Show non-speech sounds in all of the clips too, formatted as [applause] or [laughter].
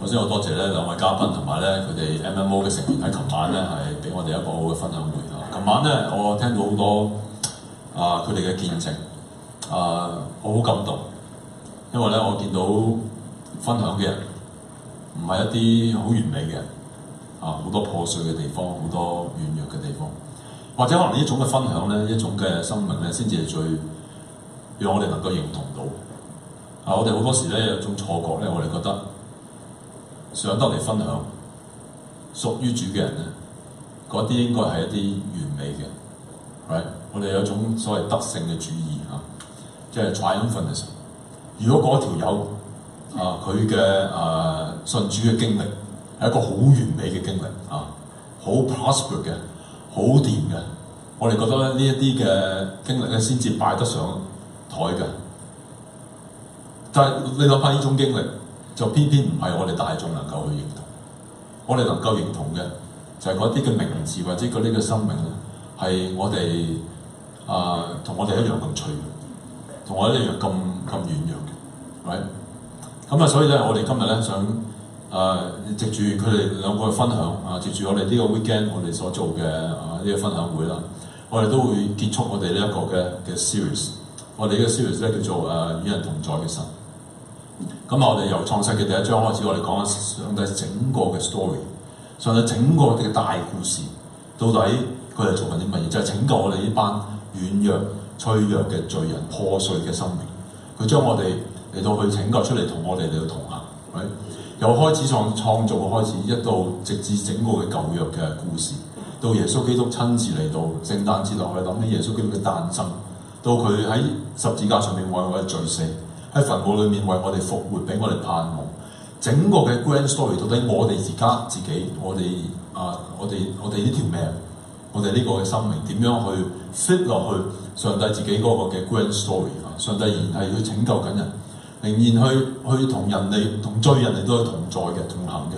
首先，我多謝咧兩位嘉賓，同埋咧佢哋 MMO 嘅成員喺琴晚咧係俾我哋一個好嘅分享會。琴晚咧，我聽到好多啊佢哋嘅見證啊，我好感動，因為咧我見到分享嘅人唔係一啲好完美嘅啊，好多破碎嘅地方，好多軟弱嘅地方，或者可能一種嘅分享咧，一種嘅生命咧，先至係最讓我哋能夠認同到啊。我哋好多時咧有一種錯覺咧，我哋覺得，上得嚟分享，屬於主嘅人呢，嗰啲應該係一啲完美嘅，係、right? 我哋有一種所謂得勝嘅主義嚇，即係 triumphalism 嘅時候，如果嗰條友啊佢嘅誒信主嘅經歷係一個好完美嘅經歷啊，好 prosper 嘅，好掂嘅，我哋覺得呢一啲嘅經歷咧先至擺得上台嘅，但係你諗翻呢種經歷。就偏偏唔係我哋大眾能夠去認同，我哋能夠認同嘅就係嗰啲嘅名字或者嗰啲嘅生命咧，係、呃、我哋啊同我哋一樣咁脆弱，同我哋一樣咁咁軟弱嘅，係咪？咁啊，所以咧，我哋今日咧想誒、呃、藉住佢哋兩個嘅分享啊，藉住我哋呢個 weekend 我哋所做嘅啊呢、呢個分享會啦，我哋都會結束我哋呢一個嘅嘅 series。我哋呢個 series 咧叫做誒與、呃、人同在嘅神。咁啊，我哋由創世嘅第一章開始，我哋講下上帝整個嘅 story，上帝整個嘅大故事，到底佢係做緊啲乜嘢？就係、是、拯救我哋呢班軟弱、脆弱嘅罪人、破碎嘅生命。佢將我哋嚟到去拯救出嚟，同我哋嚟到同行。喂，由開始創創造開始，一度直至整個嘅舊約嘅故事，到耶穌基督親自嚟到，聖誕節落去諗起耶穌基督嘅誕生，到佢喺十字架上面為我哋罪死。喺墳墓裏面為我哋復活，俾我哋盼望。整個嘅 grand story 到底我哋而家自己，我哋啊、uh,，我哋我哋呢條命，我哋呢個嘅生命點樣去 fit 落去上帝自己嗰個嘅 grand story 啊？上帝仍然係要拯救緊人，仍然去去同人哋、同追人哋都係同在嘅同行嘅。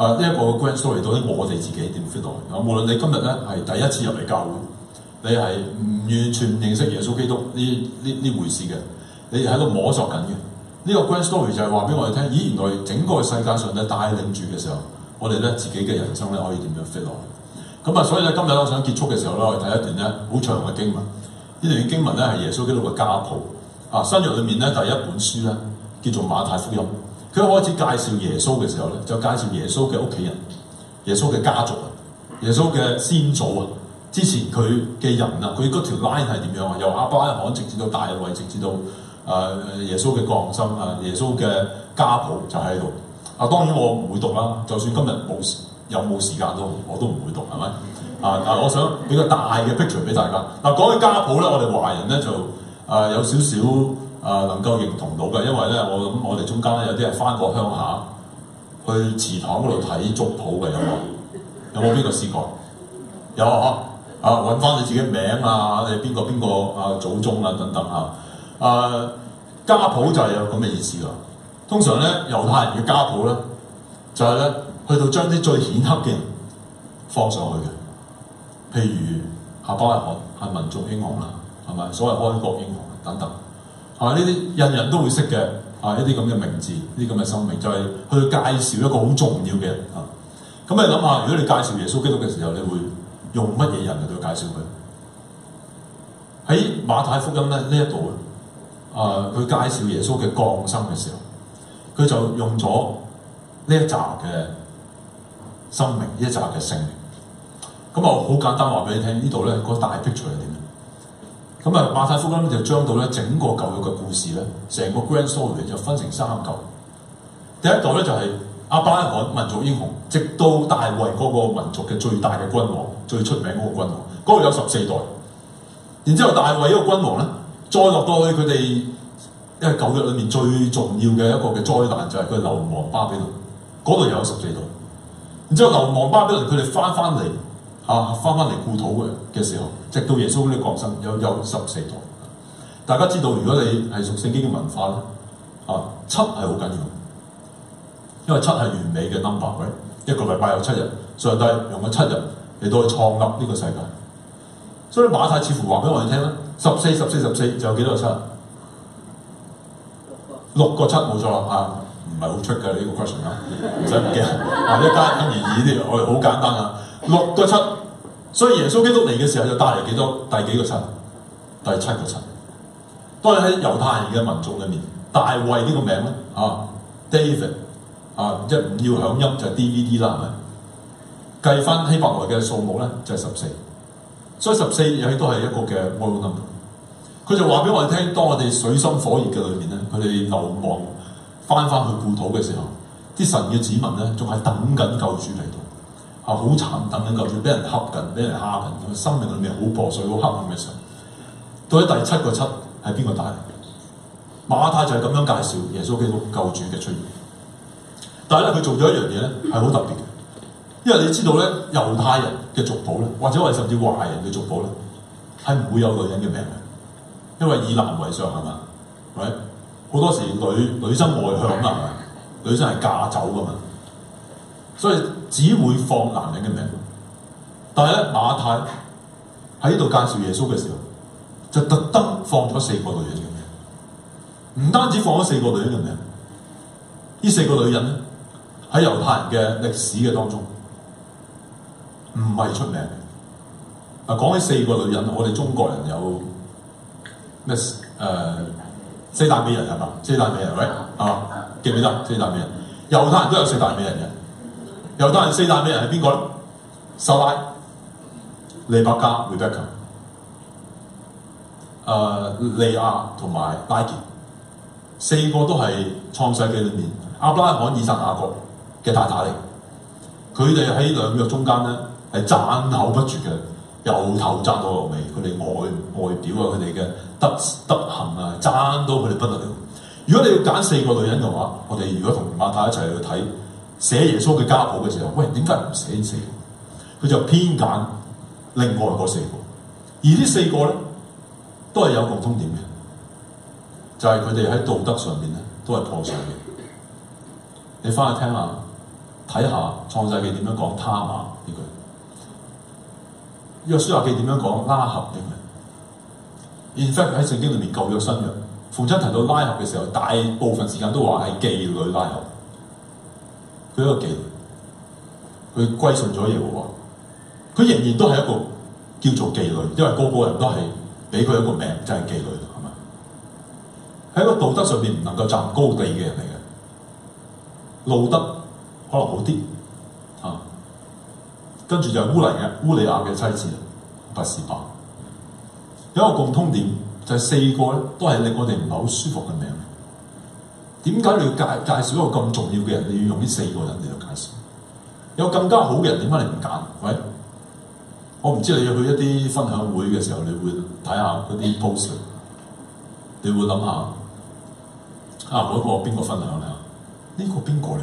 啊，呢一個 grand story 到底我哋自己點 fit 落去？無論你今日咧係第一次入嚟教會，你係完全唔認識耶穌基督呢呢呢回事嘅。你喺度摸索緊嘅呢個 grand story 就係話俾我哋聽，咦？原來整個世界上咧帶領住嘅時候，我哋咧自己嘅人生咧可以點樣 fit 落去咁啊？所以咧，今日我想結束嘅時候咧，我哋睇一段咧好長嘅經文。呢段經文咧係耶穌基督嘅家譜啊，新約裏面咧第一本書咧叫做《馬太福音》。佢開始介紹耶穌嘅時候咧，就介紹耶穌嘅屋企人、耶穌嘅家族啊、耶穌嘅先祖啊。之前佢嘅人啊，佢嗰條 line 係點樣啊？由亞伯拉罕直至到大衛，直至到。誒耶穌嘅降生啊，耶穌嘅家譜就喺度啊。當然我唔會讀啦，就算今日冇有冇時間都唔，我都唔會讀，係咪？啊啊！但我想俾個大嘅 picture 俾大家。嗱、啊、講起家譜咧，我哋華人咧就啊有少少啊能夠認同到嘅，因為咧我諗我哋中間咧有啲人翻過鄉下去祠堂嗰度睇族譜嘅有冇？有冇邊個試過？有啊！啊揾翻你自己名啊，你邊個邊個啊祖宗啊等等嚇。啊誒家譜就係有咁嘅意思咯。通常呢，猶太人嘅家譜呢，就係呢，去到將啲最顯赫嘅人放上去嘅。譬如亞伯拉罕係民族英雄啦，係咪所謂開國英雄等等，係咪呢啲人人都會識嘅啊？一啲咁嘅名字，呢啲咁嘅生命，就係去介紹一個好重要嘅人啊。咁你諗下，如果你介紹耶穌基督嘅時候，你會用乜嘢人嚟到介紹佢？喺馬太福音呢，呢一度咧。誒佢、呃、介紹耶穌嘅降生嘅時候，佢就用咗呢一集嘅生命，呢一集嘅性命。咁、嗯、啊，好簡單話俾你聽，呢度咧、那個大壁牆係點？咁、嗯、啊，馬太福音就將到咧整個舊約嘅故事咧，成個 grand story 就分成三舊。第一代咧就係、是、亞伯拉罕民族英雄，直到大衛嗰個民族嘅最大嘅君王、最出名嗰個君王，嗰、那、度、個、有十四代。然之後大衛呢個君王咧。再落到去佢哋，因為舊約裏面最重要嘅一個嘅災難就係佢流亡巴比倫，嗰度有十四度，然之後流亡巴比倫，佢哋翻返嚟，啊翻返嚟故土嘅嘅時候，直到耶穌呢個降生，有有十四度。大家知道，如果你係屬聖經嘅文化咧，嚇、啊、七係好緊要，因為七係完美嘅 number、right? 一個禮拜有七日，上帝用咗七日嚟到去創立呢個世界。所以馬太似乎話俾我哋聽咧，十四十四十四，就有幾多個七？六個七冇錯啦，啊，唔係好出嘅呢、這個 question 啦， [laughs] 唔使唔驚，一加一、二二啲我哋好簡單啦、啊，六個七。所以耶穌基督嚟嘅時候就帶嚟幾多第幾個七？第七個七。當你喺猶太嘅民族入面，大衛呢個名咧，啊 David，啊即唔要響音就 DVD 啦，係咪？計翻希伯來嘅數目咧，就係十四。所以十四日都係一個嘅哀悼日。佢就話俾我哋聽，當我哋水深火熱嘅裏面咧，佢哋流亡翻返去故土嘅時候，啲神嘅子民咧仲係等緊救主嚟到，係好慘等緊救主，俾人恰緊，俾人蝦緊，生命裏面好破碎、好黑暗嘅時候。到咗第七個七係邊個帶嚟嘅？馬太就係咁樣介紹耶穌基督救主嘅出現。但係咧，佢做咗一樣嘢咧係好特別嘅，因為你知道咧猶太人。嘅族譜咧，或者係甚至華人嘅族譜咧，係唔會有女人嘅名嘅，因為以男為上係嘛？係，right? 好多時女女生外向啊嘛，女生係嫁走㗎嘛，所以只會放男人嘅名。但係咧，馬太喺呢度介紹耶穌嘅時候，就特登放咗四個女人嘅名，唔單止放咗四個女人嘅名，呢四個女人咧喺猶太人嘅歷史嘅當中，唔係出名。嗱、啊，講起四個女人，我哋中國人有咩？誒，四大美人係嘛？四大美人，喂，係嘛？唔、right? 啊、記唔記得四大美人？猶太人都有四大美人嘅。猶太人四大美人係邊個咧？撒拉、利伯加、利百加、誒利、呃、利亞同埋拉結，四個都係創世記裏面亞伯拉罕、以撒、雅各嘅太太嚟。佢哋喺兩約中間咧。係讚口不絕嘅，由頭讚到落尾，佢哋外外表啊，佢哋嘅德德行啊，讚到佢哋不得了。如果你要揀四個女人嘅話，我哋如果同馬太，太一齊去睇寫耶穌嘅家譜嘅時候，喂，點解唔寫呢四個？佢就偏揀另外嗰四個，而呢四個咧都係有共通點嘅，就係佢哋喺道德上面咧都係破碎嘅。你翻去聽下，睇下創世記點樣講他瑪呢句。《約書亞記》點樣講拉合嘅人？In fact 喺聖經裏面舊約新約，凡親提到拉合嘅時候，大部分時間都話係妓女拉合。佢一個妓女，佢歸順咗耶和華，佢仍然都係一個叫做妓女，因為個個人都係俾佢一個名，即係妓女，係嘛？喺個道德上面唔能夠站高地嘅人嚟嘅，路得可能好啲。跟住就烏嚟嘅烏利亞嘅妻子，拔示巴。有一個共通點，就係、是、四個咧都係令我哋唔係好舒服嘅名。點解你要介介紹一個咁重要嘅人，你要用呢四個人嚟介紹？有更加好嘅人，點解你唔揀？喂，我唔知你要去一啲分享會嘅時候，你會睇下嗰啲 post，你會諗下啊，嗰個邊個分享咧？呢、這個邊、這個嚟？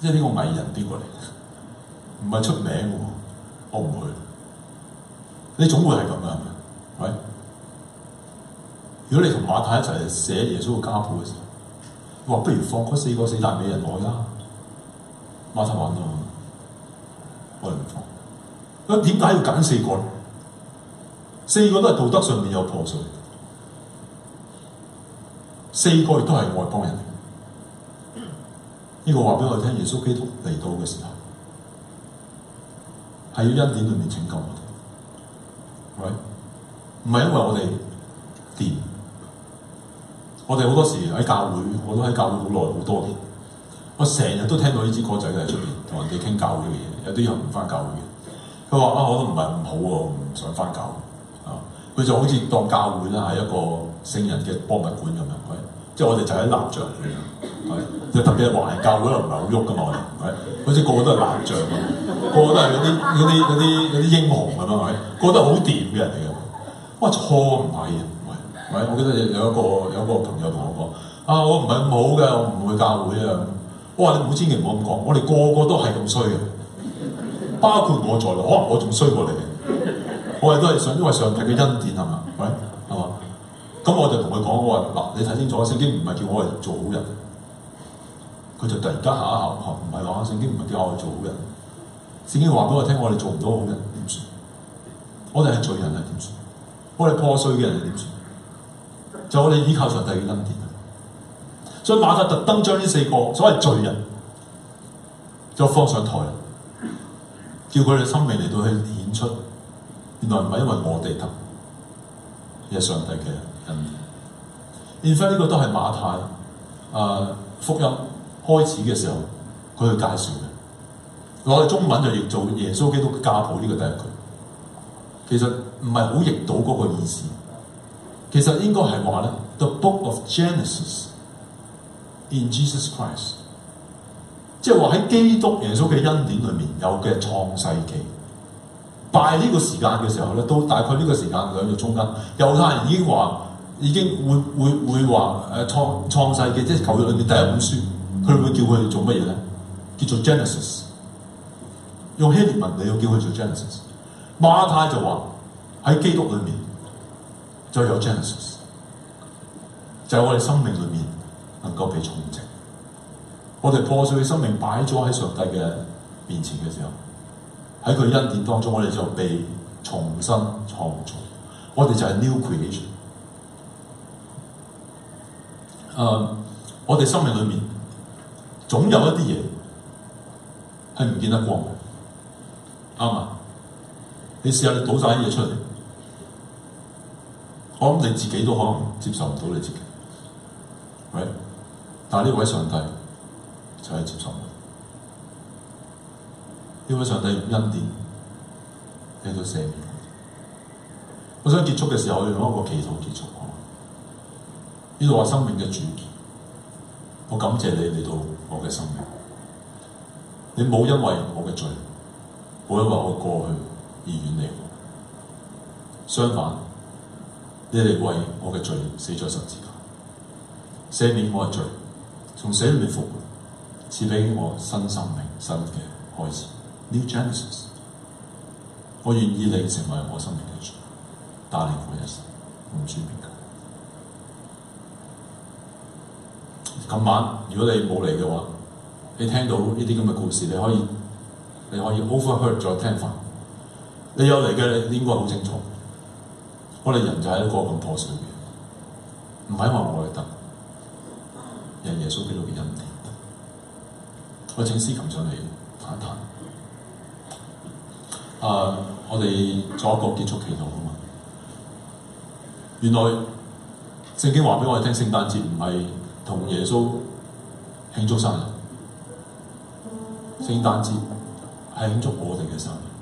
即係呢個迷人邊個嚟？誰唔係出名喎，我唔去。你總會係咁嘅，係咪？如果你同馬太一齊寫耶穌嘅家譜嘅時候，你話不如放開四個四大美人來啦，馬太話咯，我哋唔放。點解要揀四個咧？四個都係道德上面有破碎，四個都係外邦人。呢、這個話俾我聽，耶穌基督嚟到嘅時候。係要恩典裏面拯救我哋，係咪？唔係因為我哋掂。我哋好多時喺教會，我都喺教會好耐好多年，我成日都聽到呢支歌仔喺出邊同人哋傾教會嘅嘢，有啲人唔翻教會嘅，佢話，啊我都唔係咁好喎，唔想翻教，啊，佢、啊、就好似當教會啦係一個聖人嘅博物館咁樣，係咪、啊。即係我哋就喺蠟像嚟㗎，係特別係懷教嗰度唔係好喐㗎嘛，我係，好似個個都係蠟像，咁，個個都係嗰啲啲啲啲英雄咁啊，係，個個都好掂嘅人嚟嘅。我話錯唔係嘅，唔、啊、係，唔我記得有一個有一個朋友同我講，啊，我唔係咁好㗎，我唔會教會啊。我話你唔好千祈唔好咁講，我哋個個都係咁衰嘅，包括我在內，可能我仲衰過你，我哋都係想因為上帝嘅恩典係嘛，係。咁我就同佢講：我話嗱，你睇清楚聖經唔係叫我嚟做好人。佢就突然間下一下，唔係話聖經唔係叫我嚟做好人。聖經話俾我聽，「我哋做唔到好人。」點算？我哋係罪人係點算？我哋破碎嘅人係點算？就我哋依靠上帝嘅恩典。所以馬太特登將呢四個所謂罪人，就放上台，叫佢哋心未嚟到去演出。原來唔係因為我哋得，係上帝嘅。嗯，In fact 呢個都係馬太啊、呃、福音開始嘅時候，佢去介紹嘅。攞嚟中文就譯做耶穌基督嘅家譜呢個第一句，其實唔係好譯到嗰個意思。其實應該係話咧，《The Book of Genesis in Jesus Christ》，即係話喺基督耶穌嘅恩典裏面有嘅創世記。拜呢個時間嘅時候咧，都大概呢個時間兩個中間，猶太人已經話。已經會會會話誒創創世嘅，即係舊約裏邊第一本書，佢會叫佢哋做乜嘢咧？叫做 Genesis。用希伯文，你要叫佢做 Genesis。馬太就話喺基督裏面就有 Genesis，就係我哋生命裏面能夠被重整。我哋破碎嘅生命擺咗喺上帝嘅面前嘅時候，喺佢恩典當中，我哋就被重新創造。我哋就係 New Creation。誒，uh, 我哋生命裏面總有一啲嘢係唔見得光嘅，啱嘛？你試下你倒曬啲嘢出嚟，我諗你自己都可能接受唔到你自己。喂，right？但係呢位上帝就係接受佢，呢位上帝恩典俾到赦免。我想結束嘅時候，我要用一個祈禱結束。呢度係生命嘅主，我感謝你嚟到我嘅生命。你冇因為我嘅罪，冇因為我過去而遠離我。相反，你嚟為我嘅罪死咗十字架，赦免我嘅罪，從死裏面，面復活，賜俾我新生命、新嘅開始。New Genesis，我願意你成為我生命嘅主，帶領我一生，唔轉變今晚如果你冇嚟嘅話，你聽到呢啲咁嘅故事，你可以你可以 overheard 再聽翻。你有嚟嘅，你應該好清楚。我哋人就係一個咁破碎嘅，唔係話我哋得，人耶穌基督嘅恩典。我請思琴上嚟談一談。啊、uh，我哋做一個結束祈禱啊嘛。原來聖經話俾我哋聽，聖誕節唔係。同耶穌慶祝生日，聖誕節係慶祝我哋嘅生日，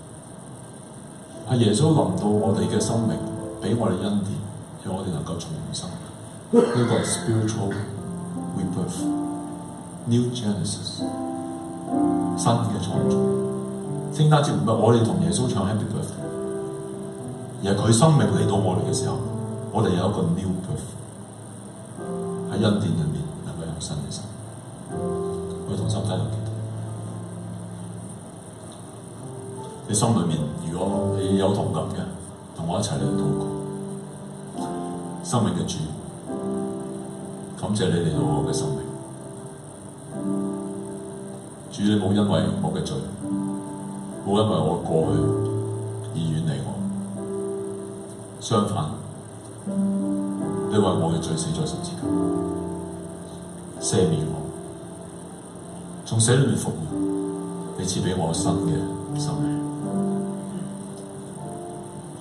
係耶穌臨到我哋嘅生命，俾我哋恩典，讓我哋能夠重生。呢個 spiritual rebirth，new genesis，新嘅創造。聖誕節唔係我哋同耶穌唱 Happy Birthday，而係佢生命嚟到我哋嘅時候，我哋有一個 new birth，係恩典嘅。心裏心，去同心體同基督。你心裏面，如果你有同感嘅，同我一齊嚟痛苦。生命嘅主，感謝你嚟到我嘅生命。主，你冇因為我嘅罪，冇因為我過去而遠離我。相反，你為我嘅罪死在十字架。赦免我，從死裏面復活，你賜俾我新嘅生命。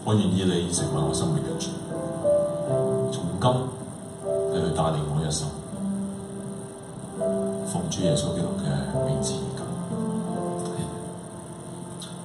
我願意你成為我生命嘅主，從今你去帶領我一生，奉主耶穌基督嘅名字。